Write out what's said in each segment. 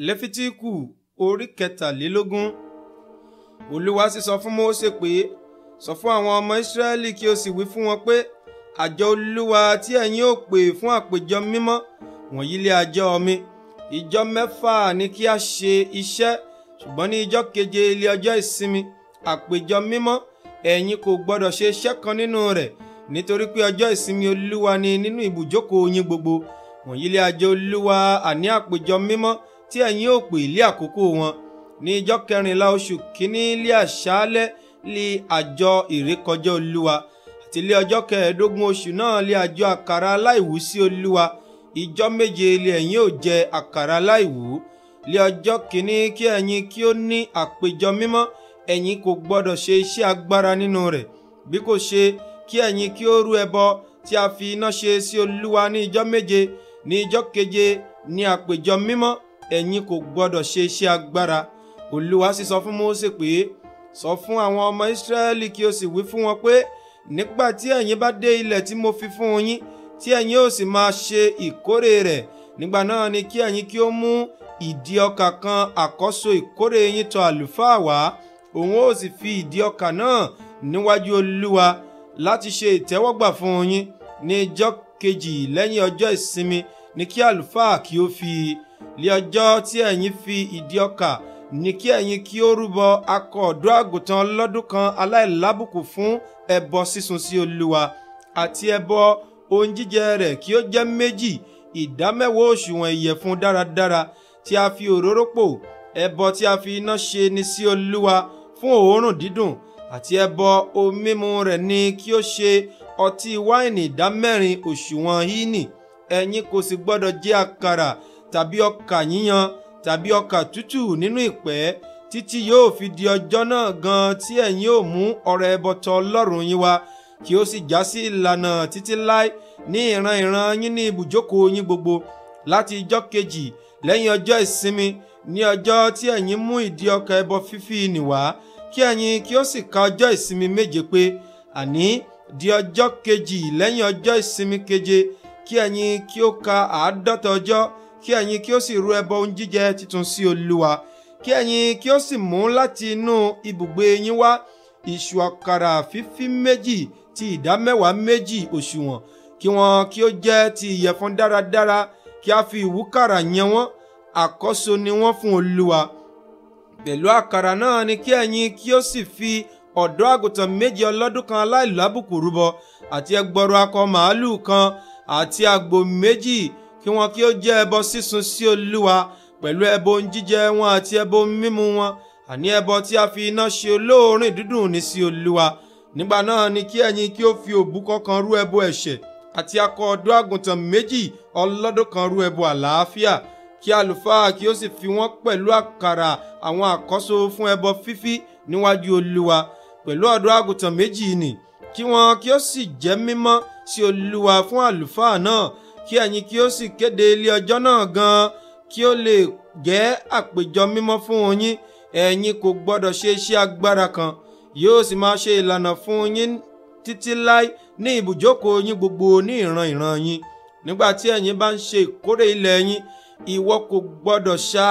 lẹ́fítíkù orí kẹtàlélógún olúwa sì sọ fún mósè pé sọ fún àwọn ọmọ ìsírẹ́lì kí o sì wí fún wọn pé àjọ olúwa tí ẹ̀yin ò pè fún àpèjọ mímọ́ wọ̀nyí lé àjọ mi ìjọ mẹ́fà ni kí a ṣe iṣẹ́ ṣùgbọ́n ní ìjọ keje ilé ọjọ́ ìsinmi àpèjọ mímọ́ ẹ̀yin kò gbọ́dọ̀ ṣe iṣẹ́ kan nínú rẹ̀ nítorí pé ọjọ́ ìsinmi olúwa ni nínú ibùjókòó yín gbogbo wọ̀nyí lé àjọ olúwa àní àpèjọ mímọ́ tí ẹ̀yin ó pè lé àkókò wọn ní ijọ́ kẹrìnlá oṣù kínní lé àṣálẹ́ lé àjọ ìrékọjá olúwa àti lé ọjọ́ kẹẹ̀ẹ́dógún oṣù náà lé àjọ àkàrà aláìwú sí olúwa ijọ́ méje lé ẹ̀yin ó jẹ àkàrà aláìwú lé ọjọ́ kínní kí ẹ̀yin kí ó ní àpéjọ mímọ́ ẹ̀yin kò gbọ́dọ̀ ṣe iṣẹ́ agbára nínú rẹ̀ bí kò ṣe kí ẹ̀yin kí ó rú ẹbọ tí a fi iná ṣe sí olúwa ní ijọ́ méje ní ijọ́ keje ní àpéjọ mímọ́ ẹ̀yin kò gbọ́dọ̀ ṣe iṣẹ́ agbára olúwa sì sọ fún Mósè pé sọ fún àwọn ọmọ Ísírẹ́lì kí o sì wí fún wọn pé nígbà tí ẹ̀yin bá dé ilẹ̀ tí mo fi fún yín tí ẹ̀yin ó sì máa ṣe ìkórè rẹ̀ nígbà náà ni kí ẹ̀yin kí ó mú ìdí ọkà kan àkọ́so ìkórè yín tọ̀ àlùfáà wá òun ó sì fi ìdí ọkà náà níwájú olúwa láti ṣe ìtẹ́wọ́gbà fún yín ní ọjọ́ kejì lẹ́yìn ọjọ́ ìsinmi ni kí àlùfáà kí ó fi lé ọjọ́ tí ẹ̀yin fi ìdí ọkà ní kí ẹ̀yin kí ó rúbọ akọ ọ̀dọ́ àgùntàn ọlọ́dún kan aláìlábùkù fún ẹbọ sísun sí olúwa àti ẹbọ ohun jíjẹ rẹ̀ kí ó jẹ́ méjì ìdámẹ́wàá òṣùwọ̀n ìyẹ̀fun dáradára tí a fi òróró pò ẹbọ tí a fi iná ṣe ni sí olúwa fún òórùn dídùn àti ẹbọ ohun mímu rẹ̀ ni kí ó ṣe ọtí wáìnì ìdámẹ́rin òṣùwọ̀n hínì ẹ̀yin kò sì gbọ́dọ̀ jẹ àkàrà tàbí ọkà yíyan tàbí ọkà tútù nínú ìpẹ́ títí yóò fi di ọjọ́ náà gan tí ẹ̀yin yóò mú ọrẹ ẹbọtọ Ọlọ́run yín wá kí ó sì já sí ìlànà títí láé ní ìran ìran yín ní ibùjókòó yín gbogbo láti ijọ́ kejì lẹ́yìn ọjọ́ ìsinmi ní ọjọ́ tí ẹ̀yin mú ìdí ọkà ẹbọ fífi nìwá kí ẹ̀yin kí ó sì ka ọjọ́ ìsinmi méje pé àní di ọjọ́ kejì lẹ́yìn ọjọ́ ìsinmi keje kí ẹ̀yin kí ó ka àádọ́ta ọjọ́ kí ẹ̀yin kí ó sì rú ẹbọ ohun jíjẹ titun sí olúwa kí ẹ̀yin kí ó sì mú láti inú ibùgbé yín wá ìṣù àkàrà fífín méjì ti ìdá mẹ́wàá méjì òṣùwọ̀n kí wọn kí ó jẹ́ ti ìyẹ̀fun dáradára kí a fi ìwúkàrà yẹn wọ́n àkọ́so ni wọ́n fún olúwa pẹ̀lú àkàrà náà ni kí ẹ̀yin kí ó sì fi ọ̀dọ́ àgùntàn méje ọlọ́dún kan aláìlábùkù rúbọ àti ẹgbọrọ akọ màálù kan àti àgbò méjì kí wọn kí ó jẹ́ ẹbọ sísun sí olúwa pẹ̀lú ẹbọ ohun jíjẹ wọn àti ẹbọ ohun mímu wọn àní ẹbọ tí a fi iná ṣe olóòórìn dídùn ní sí olúwa nígbà náà ni kí ẹ̀yin kí ó fi òbúkọ kan rú ẹbọ ẹ̀ṣẹ̀ àti akọ ọ̀dọ́ àgùntàn méjì ọlọ́dún kan rú ẹbọ àlàáfíà kí àlùfáà kí ó sì fi wọ́n pẹ̀lú àkàrà àwọn àkọ́so fún ẹbọ fífí níwájú olúwa pẹ̀lú ọ̀dọ́ àgùntàn méjì nì kí wọn kí ó sì jẹ́ mímọ́ sí olúwa fún àlùfáà náà kí ẹ̀yin kí ó sì kéde ilé ọjọ́ náà gan-an kí ó lè jẹ́ àpèjọ mímọ́ fún yín ẹ̀yin kò gbọ́dọ̀ ṣe iṣẹ́ agbára kan yóò sì máa ṣe ìlànà fún yín títí láì ní ibùjókòó yín gbogbo ní ìran ìran yín nígbà tí ẹ̀yin bá ń ṣe ìkórè ilẹ̀ yín ìwọ kò gbọ́dọ̀ ṣá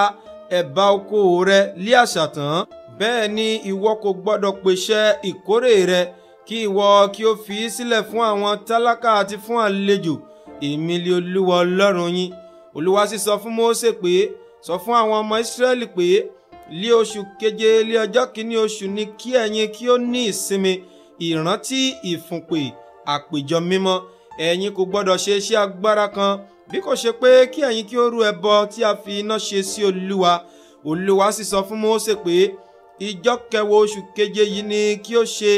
ẹ̀bá oko rẹ lé àṣà tán bẹ́ẹ̀ ni ìwọ kò gbọ́dọ̀ pèsè ìkórè rẹ kí ìwọ kí o fi í sílẹ̀ fún àwọn tálákà àti fún àlejò èmi lé olúwa ọlọ́run yín olúwa sì sọ fún mósè pé sọ fún àwọn ọmọ ìsírẹ́lì pé lé oṣù keje lé ọjọ́ kìíní oṣù ni kí ẹ̀yin kí ó ní ìsinmi ìrántí ìfúnpè àpèjọ mímọ́ ẹ̀yin kò gbọ́dọ̀ ṣe iṣẹ́ agbára kan bí kò ṣe pé kí ẹ̀yin kí ó rú ẹbọ tí a fi iná ṣe sí olúwa olúwa sì sọ fún mósè pé ìjọ kẹwàá oṣù keje yìí ni kí ó ṣe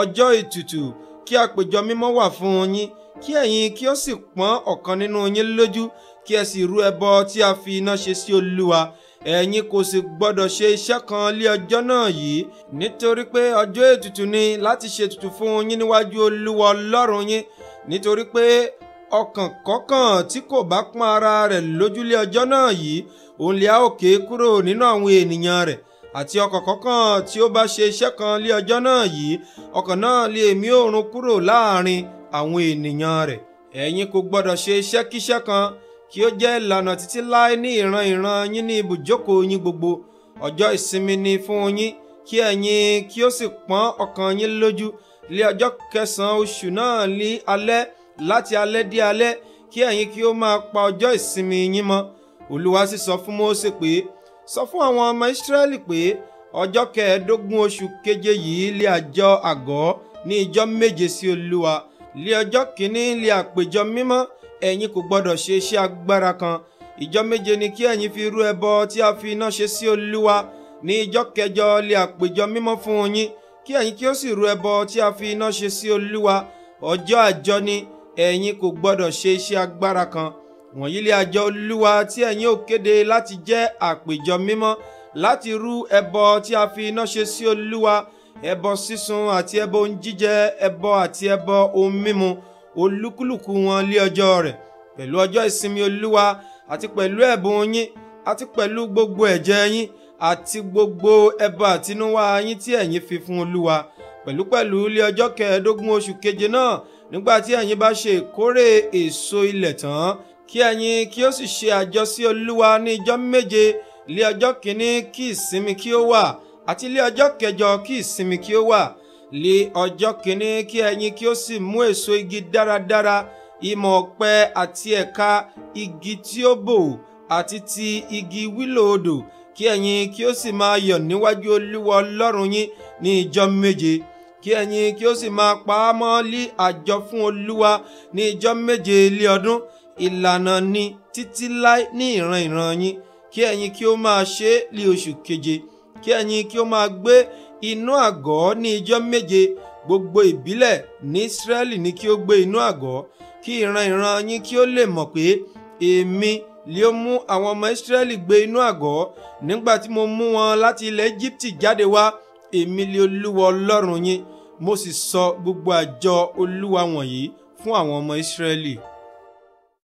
ọjọ́ ìtùtù kí àpèjọ mímọ́ wà fún yín kí ẹ̀yin kí ó sì pọ́n ọ̀kan nínú yín lójú kí ẹ sì rú ẹbọ tí a fi iná ṣe sí olúwa ẹ̀yin kò sì gbọ́dọ̀ ṣe iṣẹ́ kan lé ọjọ́ náà yìí nítorí pé ọjọ́ ètùtù ni láti ṣe ètùtù fún yín níwájú olúwa ọlọ́run yín nítorí pé ọkàn kọ̀ọ̀kan tí kò bá pọ́n ara rẹ̀ lójúlé ọjọ́ náà yìí òun lè a ó ké kúrò nínú àwọn ènìyàn rẹ̀ àti ọkàn kọ̀ọ̀kan tí ó bá ṣe iṣẹ́ kan lé ọjọ́ náà yìí ọkàn náà lè mí òòrùn kúrò láàrin àwọn ènìyàn rẹ̀ ẹ̀yin kò gbọ́dọ̀ ṣe iṣẹ́kíṣẹ́ kan kí ó jẹ́ ìlànà títí láé ní ìran ìran yín ní ibùjókòó yín gbogbo ọjọ́ ìsinmi ni fún yín kí ẹ̀yin kí ó sì pọ́n ọkàn yín lójú lé ọjọ́ kẹsàn-án oṣù náà ní alẹ́ láti alẹ́ dé alẹ́ kí ẹ̀yin kí ó máa pa ọjọ́ ìsinmi yín mọ́ olúwa sì sọ fún Mósè pé sọ fún àwọn ọmọ Ísírẹ́lì pé ọjọ́ kẹẹ̀ẹ́dógún oṣù keje yìí lé àjọ àgọ́ ní ijọ́ méje sí olúwa lé ọjọ́ kìíní lé àpèjọ mímọ́ ẹ̀yin kò gbọ́dọ̀ ṣe iṣẹ́ agbára kan ìjọ méje ni kí ẹ̀yin fi rú ẹbọ tí a fi iná ṣe sí olúwa ní ìjọ kẹjọ lé àpèjọ mímọ́ fún yín kí ẹ̀yin kí ó sì rú ẹbọ tí a fi iná ṣe sí olúwa ọjọ́ àjọ ni ẹ̀yin kò gbọ́dọ̀ ṣe iṣẹ́ agbára kan wọ̀nyí lé àjọ olúwa tí ẹ̀yin ò kéde láti jẹ́ àpèjọ mímọ́ láti rú ẹbọ tí a fi iná ṣe sí olúwa ẹbọ sísun àti ẹbọ ohun jíjẹ ẹbọ àti ẹbọ ohun mímu olúkúlùkù wọn lé ọjọ́ rẹ̀ pẹ̀lú ọjọ́ ìsinmi olúwa àti pẹ̀lú ẹ̀bùn yín àti pẹ̀lú gbogbo ẹ̀jẹ̀ yín àti gbogbo ẹbọ àtinúwá yín tí ẹ̀yin fi fún olúwa pẹ̀lúpẹ̀lú lé ọjọ́ kẹẹ̀ẹ́dógún oṣù keje náà nígbà tí ẹ̀yin bá ṣe ìkórè èso ilẹ̀ tán kí ẹ̀yin kí ó sì ṣe àjọ olúwa ní ijọ́ méje lé ọjọ́ kìíní kí ìsinmi kí ó wà àti lé ọjọ́ kẹjọ kí ìsinmi kí ó wà lé ọjọ́ kìíní kí ẹ̀yin kí ó sì mú èso igi dáradára ìmọ̀ ọ̀pẹ àti ẹ̀ka igi tí ó bò àti ti igi wílò odò kí ẹ̀yin kí ó sì máa yọ̀ níwájú olúwa ọlọ́run yín ní ìjọ méje kí ẹ̀yin kí ó sì máa pa á mọ́ lí àjọ fún olúwa ní ìjọ méje lé ọdún ìlànà ni títí láé ní ìran ìran yín kí ẹ̀yin kí ó máa ṣe é lí oṣù keje kí ẹ̀yin kí ó máa gbé inú àgọ́ ní ijọ́ méje gbogbo ìbílẹ̀ ní Ísírẹ́lì ni kí ó gbé inú àgọ́ kí ìran ìran yín kí ó lè mọ̀ pé èmi lè mú àwọn ọmọ Ísírẹ́lì gbé inú àgọ́ nígbà tí mo mú wọn láti ilẹ̀ Íjíbítì jáde wá èmi lè Olúwa Ọlọ́run yín mo sì sọ gbogbo àjọ Olúwa wọ̀nyí fún àwọn ọmọ Ísírẹ́lì.